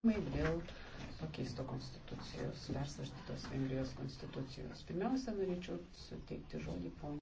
klausimai dėl pakeisto konstitucijos, persvarstytos Vengrijos konstitucijos. Pirmiausia, norėčiau suteikti žodį ponui.